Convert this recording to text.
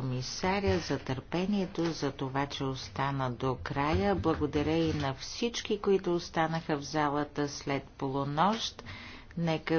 комисаря за търпението, за това, че остана до края. Благодаря и на всички, които останаха в залата след полунощ. Нека